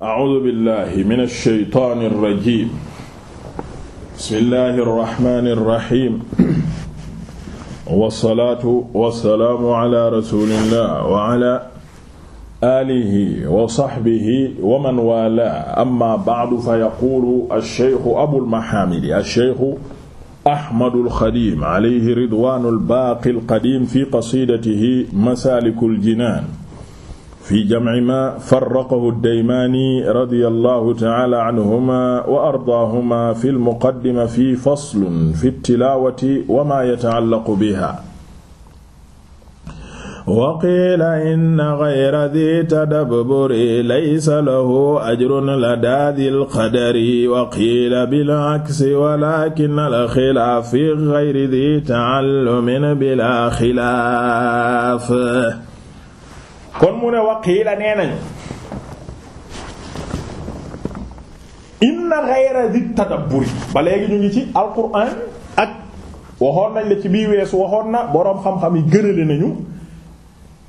A'uuzu billaahi mina shaytaani rajiim. Bismillaahi rahmaani rahiim. Wassalaatu wassalaamu alaa rasuulillaah wa alaa aalihi wa sahbihi wa man waalaahu. Ammaa ba'du fa yaquulu ash-shaykhu Abul Mahaamidi ash-shaykhu Ahmadul Xadiim alayhi ridwaanul baaqil qadiim fii qasiidatihi Masaalikul Jinaan. fi jamci ma farraqahu ad-Daymaani radiyallahu ta'ala anhuma wa ardaahuma fi al-muqaddima fi faslun fi at-tilaawati wa ma yata'allaqu biha wa qiila inna ghayra dhi tadabburi laysa lahu ajrun ladaa dhil qadari wa qiila bil aksi walaakin al-khilaaf fi ghayri dhi ta'allumin bilaa khilaaf kon mu ne waqiila nee nañu inna ghayra di tadabburi ba léegi ñu ngi ci alquran ak waxoon nañ la ci biir weesu waxoon na boroom xam-xam yi gërale nañu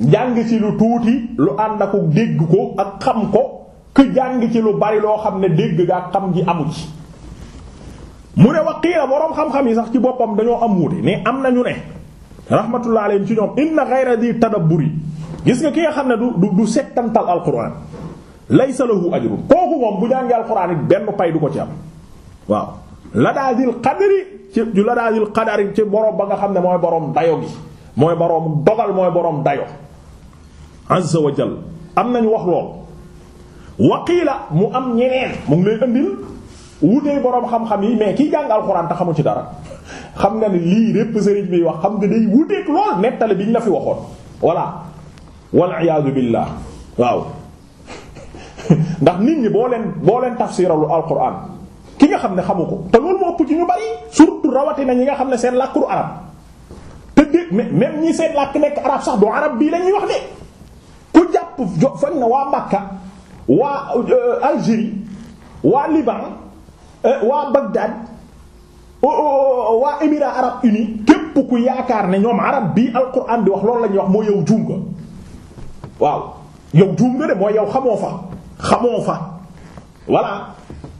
jàng ci lu tuuti lu ànd ak dégg ko ak xam ko ku jàng ci lu bari loo xam ne dégg ga xam ji amu ci mu ne waqiila boroom xam-xam yi sax ci boppam dañoo am wuti mais am na nañu ne rahmatullah alayhim ci ñoom inna ghayra di tadabburi gis nga ki nga xam ne du du settantal alquran laysa lahu ajrun kooku moom bu jàngee alquran it benn pay du ko ci am waaw ladaazil qadri ci ju ladaazil qadari ci borom ba nga xam ne mooy borom dayo gi mooy borom dogal mooy borom dayo azza wa jal am nañu wax lool waqiila mu am ñeneen mu ngi lay andil borom xam-xam yi mais kiy jàng alxuraan te xamu ci dara xam na ni lii lépp sëriñ bi wax xam nga day wuteeg lool nettali bi ñu la fi waxoon voilà wal iyaazu billah waaw ndax nit ñi boo leen boo leen tafsiralu alquran ki nga xam ne xamu ko te loolu moo ëpp ñu bari surtout rawatina ñi nga xam ne seen làkku du arab te dé même ñi seen làkk nekk arab sax du arab bii la ñuy wax ne ku jàpp jo fañ na waa Makka waa euh, Algérie waa Liban euh, waa Bagdad waa Émirats arabes unis képp ku yaakaar ne ñoom arab bii alquran di wax loolu la ñuy wax moo yow juum nga waaw yow juum nga de mooy yow xamoo fa xamoo fa voilà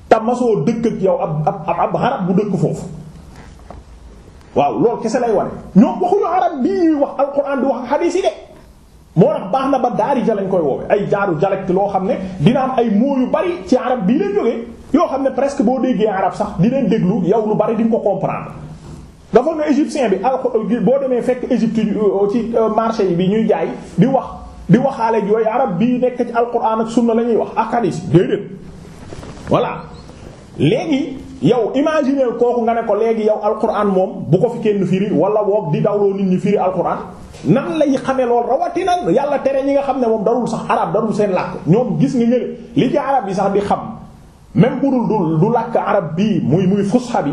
te masoo dëkk ak yow ab ab ab xarab bu dëkk foofu waaw loolu kese lay wane ñoom waxuñu arab bii wax alquran di wax ak xadiis yi de moo tax baax na ba daari ja lañ koy woowe ay jaaru dialecte loo xam ne dina am ay mots yu bari ci arab bii leen jógee yoo xam ne presque boo déggee arab sax di leen déglu yow lu bari di nga ko comprendre. dafa nga égyptien bi alxu boo demee fekk Égypte ci euh, euh, marché yi bi ñuy jaay di wax. di waxaale yooyu arab bii nekk ci alquran ak sunna la ñuy wax ak hadith déedéet voilà léegi yow imaginer kooku nga ne ko léegi yow alquran moom bu ko fi kenn firi wala boog di dawloo nit ñi firi alquran nan lay xamee lool rawatina yàlla tere ñi nga xam ne moom darul sax arab darul seen làkk ñoom gis nga ñële li ci arab yi sax di xam même bu dul du làkk arab bii muy muy fusxa bi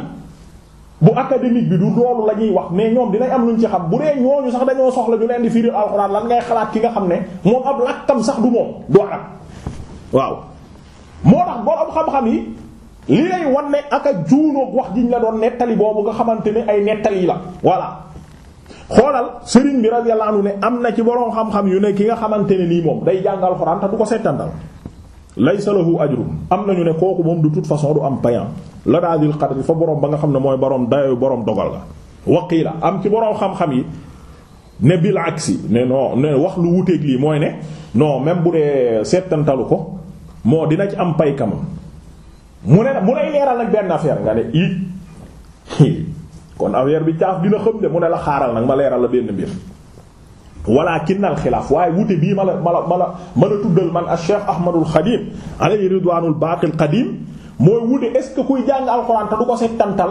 bu académique bi du loolu la ñuy wax mais ñoom dinañ am luñ ci xam bu dee ñooñu sax dañoo soxla ñu leen di firil alxuraan lan ngay xalaat ki nga xam ne moom ab làkkam sax du moom du arab waaw moo yi li lay wan wax jiñ la doon nettali boobu nga xamante ne ay nettali la voilà xoolal sëriñ bi radiyallahu anhu ne am na ci borom xam-xam yu ne ki nga xamante ne nii moom day jàng alxuraan te du ko settandal laysa lahu ajrum am nañu ne kooku moom du toute façon du am payant la daadil qadri fa borom ba nga xam ne mooy borom dayo borom dogal la waqiila am ci borom xam-xam yi ne bil aksi ne non ne wax lu wuteeg lii mooy ne noo même bu dee seetantalu ko moo dina ci am paykam mu mu lay leeral nag benn affaire nga ne it kon bi caaf xam de mu ne la xaaral nag ma leeral la benn mbir. walaakinnal xilaaf waaye wute bii ma la ma la ma la ma la tuddal man ak Cheikh Ahmadul Xadim alayhi ridwaanul baaqil qadiim mooy wuute est-ce que kuy jàng alxuraan te du ko settantal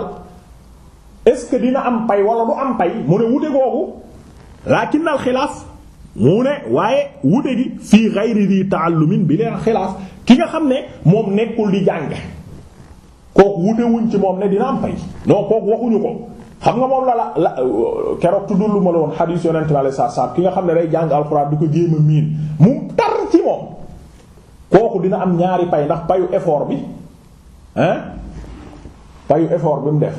est-ce que dina am pay wala du am pay mu ne wuute googu lakinnal xilaaf mu ne waaye wuute gi fii xayri di taallumin bi leen xilaaf ki nga xam ne moom nekkul di jàng kooku wuute wuñ ci moom ne dina am pay non kooku waxuñu xam nga moom la la la keroog tuddul lu ma la woon xadiis yonent la saa saab ki nga xam ne day jàng alxuraan du ko jéem a miin mu tar ci moom kooku dina am ñaari pay ndax payu effort bi. hein payu effort bi mu def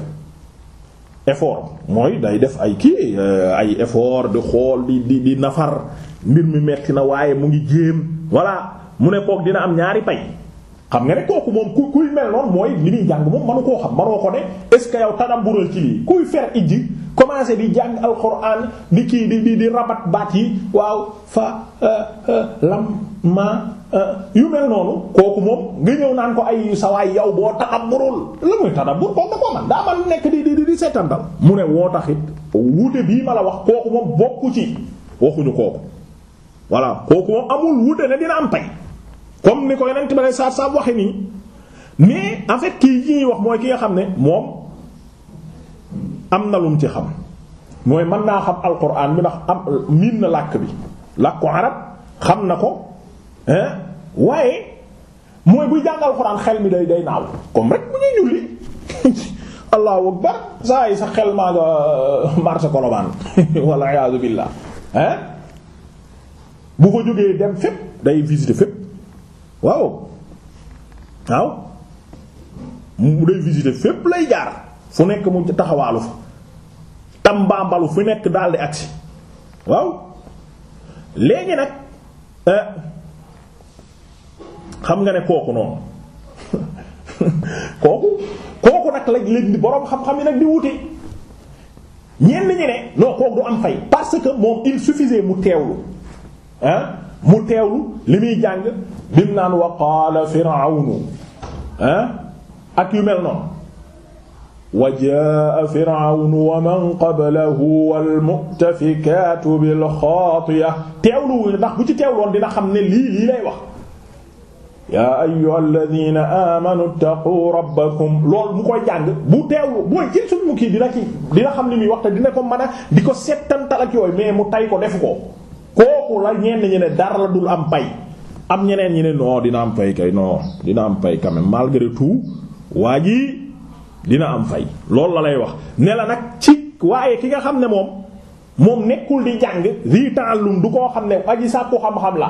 effort mooy day def ay kii euh, ay effort di xool di di di nafar mbir mi metti na waaye mu ngi jéem voilà mu ne kook dina am ñaari pay xam nga ne kooku moom ku kuy mel noonu mooy li muy jàng moom manu koo xam manoo ko ne est ce que yow tadambural ci lii kuy fer ijji commencé di jàng alxuraan di kii di di di rabat baat yi waaw fa euh, euh, lam ma euh, yu mel noonu kooku moom nga ñëw naan ko ay sawaay yow boo tadabburul la muy tadabbur kooku man daa man nekk di di di seetantal mu ne woo taxit wuute bii ma la wax kooku moom bokku ci waxuñu kooku voilà kooku moom amul wuute ne dina am pay comme ni ko yonent ba ne saab saab waxe nii mais en kii yi wax mooy ki nga xam ne moom am na lum ci xam mooy mën naa xam alquran bi ndax am miin na làkk bi làkku arab xam na ko waaye mooy buy jàngal xuraan xel mi day day naaw comme rek bu ñuy julli allahu akbar saa yi sa xel maa nga euh, marché kolobaan walla iyaazu billaah hein bu ko jógee dem fépp day visiter fépp waaw waaw mu day visiter fépp lay jaar fu nekk mu taxawaalu fa tambaambalu fu nekk daldi agsi waaw léegi nag euh, xam nga ne kooku noonu kooku kooku nag lañ leen di boroom xam-xam yi nag di wute ñenn ñi ne non kooku du am fay parce que moom il suffisait mu teewlu ah mu teewlu li muy jàng bim naan wa qaala firawnu ah ak yu mel noonu wa jaa firawnu wa man qablahu wal mu'tafikaatu bil xaatiya teewlu ndax bu ci teewloon dina xam ne lii lii lay wax yaa ayyuhal ladina amanu ttaqu rabbakum loolu bu koy jàng bu teewlu booy jël suñu kii dina ci dina xam ni muy wax te dina ko mën a di ko settantal ak yooyu mais mu tay ko def ko kooku la ñenn ñi ne dara la dul am pay am ñeneen ñi ne non dina am fay kay non dina am fay quand même malgré tout waa ji dina am fay loolu la lay wax ne la nag ci waaye ki nga xam ne moom moom nekkul di jàng lii ta'allum du koo xam ne aji sàkku xam-xam la.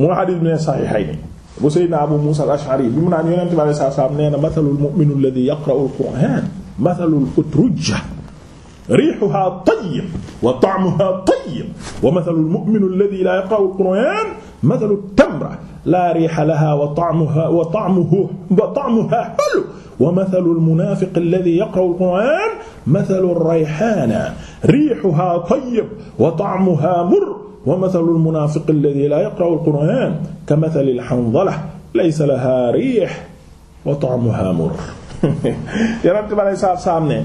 mooy xadis bi ne saxiixayni bu Seydina Abu Muusa al-Ash'ari bi mu naan yonent bi alayhi salaam nee na mathalul mu'minu alladhi yaqra'u al-qur'aan mathalul utrujja riihuhaa tayyib wa ta'muhaa tayyib wa mathalul mu'minu alladhi laa yaqra'u al-qur'aan mathalut tamra laa riiha lahaa wa ta'muhaa wa ta'muhu wa ta'muhaa halw wa mathalul munaafiqi alladhi yaqra'u al-qur'aan mathalu rayhaana riihuhaa tayyib wa ta'muhaa murr wa mathalul munaafiqi alladhi laa yaqra'u al-qur'aan ka mathali al-hanzala laysa lahaa riih wa ta'muhaa murr yonent bi alayhi salaatu ne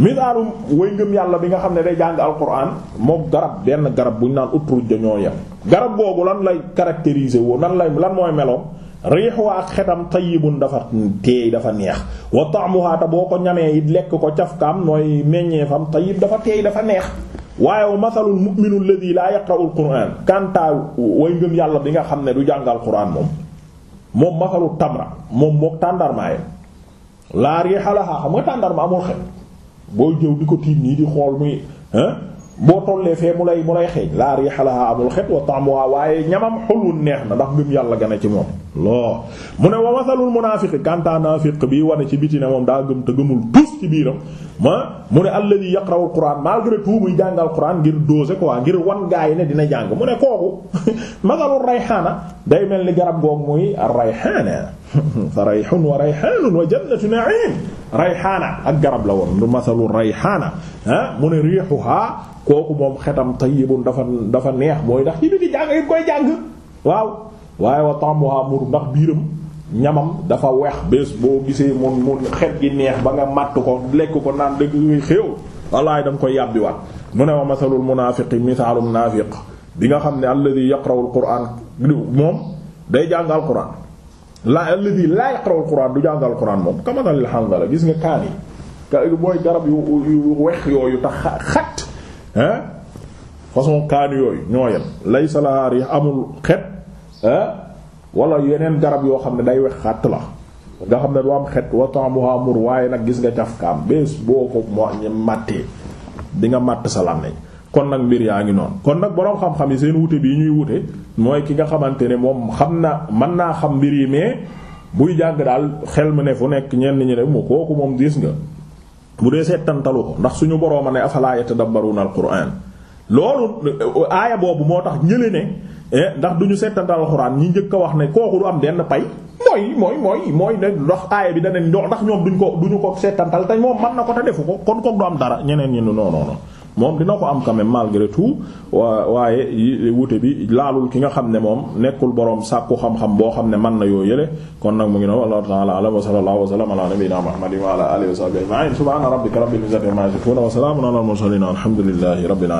misaalu way yàlla bi nga xam ne day jàng alquran moo garab benn garab bu ñu naan utruj dañoo yem garab googu lan lay caractériser woo nan lay lan mooy meloom riix waa ak xetam tayyibun dafa teey dafa neex wa ta'muha ta boo ko ñamee it lekk ko cafkaam mooy meññeefam fam tayyib dafa teey dafa neex waaye wa mathalul mu'minul ladhi laa yaqra'ul qur'aan kantaa way ngëm yàlla bi nga xam ne du jàngal qur'aan moom moom mathalul tamra moom mook tàndarmaayam laa riiha lahaa xam nga tàndarma amul xet booy jëw di ko tiim nii di xool muy boo tollee fee mu lay mu lay xeeñ laa riiha lahaa amul xet wa ta'muhaa waaye ñamam xulwun neex na ndax ngëm yàlla gën a ci moom loo mu ne wa masalul munaafiqi kanta naafiq bi wane ci biti ne moom daa gëm te gëmul tus ci ma mu ne alladi yaqra'ul qur'an malgré tout muy jàngal qur'an ngir ko quoi ngir wan gaay ne dina jàng mu ne kooku masalul rayhaana day mel ni garab goog muy rayhaana fa rayhun wa rayhaanun wa jannatu na'im rayhaana ak garab la woon du masalul rayhaana ah mu ne rihuha kooku moom xetam tayyibun dafa dafa neex mooy ndax ci biti jàng yi koy jàng waaw waaye wa taamuha mur ndax biiram ñamam dafa weex bés boo gisee mun mun xet gi neex ba nga matt ko lekk ko naan dëgg ngay xéew wallaay da ko koy yàbbiwaat mu ne wa masalul munaafiqi misaalum naafiq bi nga xam ne alladi yaqrawul quraan moom day jàngal quraan la alladi laa yaqrawul quraan du jàngal quraan moom kamanalil hanzala gis nga kaan yi ka mooy garab yu weex yooyu tax xat hein façon kaan yooyu ñoo yem laysa lahaa riix amul xet wala yeneen garab yoo xam ne day wex xàtt la nga xam ne du am xet wato ta'muha mur waaye nag gis nga cafkaam bés boo ko màttee di nga màtt sa làmmiñ kon nag mbir yaa ngi noon kon nag boroom xam-xam yi seen wute bii ñuy wute mooy ki nga xamante ne moom xam na mën naa xam mbir yi mais buy jàng daal xel mu ne fu nekk ñenn ñi ne mu kooku moom gis nga bu dee seetantalu ko ndax suñu borooma ne afala yatadabbaruna al-qur'an loolu aaya boobu moo tax ñële ne Eh, ndax du ñu seetantal alxuraan ñi njëkk a wax ne kooku du am benn pay mooy mooy mooy mooy ne ndox aaya bi daneen ndox ndax ñoom duñ ko duñu ko seetantal te moom mën na ko te defu ko kon kook du am dara ñeneen ñi nu non moom dina ko am quand même malgré tout waaye wute bi laalul ki nga xam ne moom nekkul boroom sàkku xam-xam boo xam ne mën na yoo yële kon nag mu ngi noonu wallahu ta'ala a'lam wa sallallahu wa sallama ala alhamdulillahi rabbil alamin